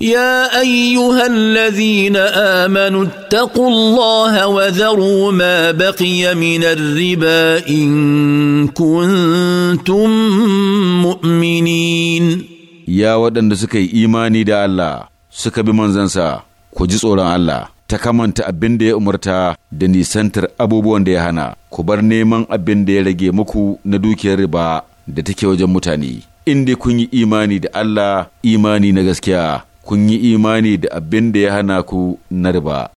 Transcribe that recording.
يا ايها الذين امنوا اتقوا الله وذروا ما بقي من الربا ان كنتم مؤمنين يا waɗanda suka yi imani da Allah suka bi manzansa ku ji tsoron Allah ta kamanta abin da ya umarta da nisantar abubuwan da ya hana ku bar neman abin da ya rage muku na dukiyar riba da take wajen mutane in kun yi imani da Allah imani na gaskiya kun yi imani da abin da ya hana ku narba.